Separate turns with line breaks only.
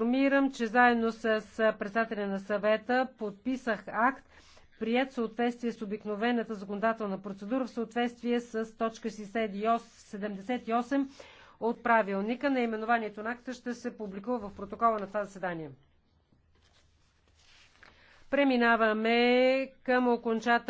информирам, че заедно с председателя на съвета подписах акт, прият в съответствие с обикновената законодателна процедура в съответствие с точка 78 от правилника. Наименованието на акта ще се публикува в протокола на това заседание. Преминаваме
към окончателно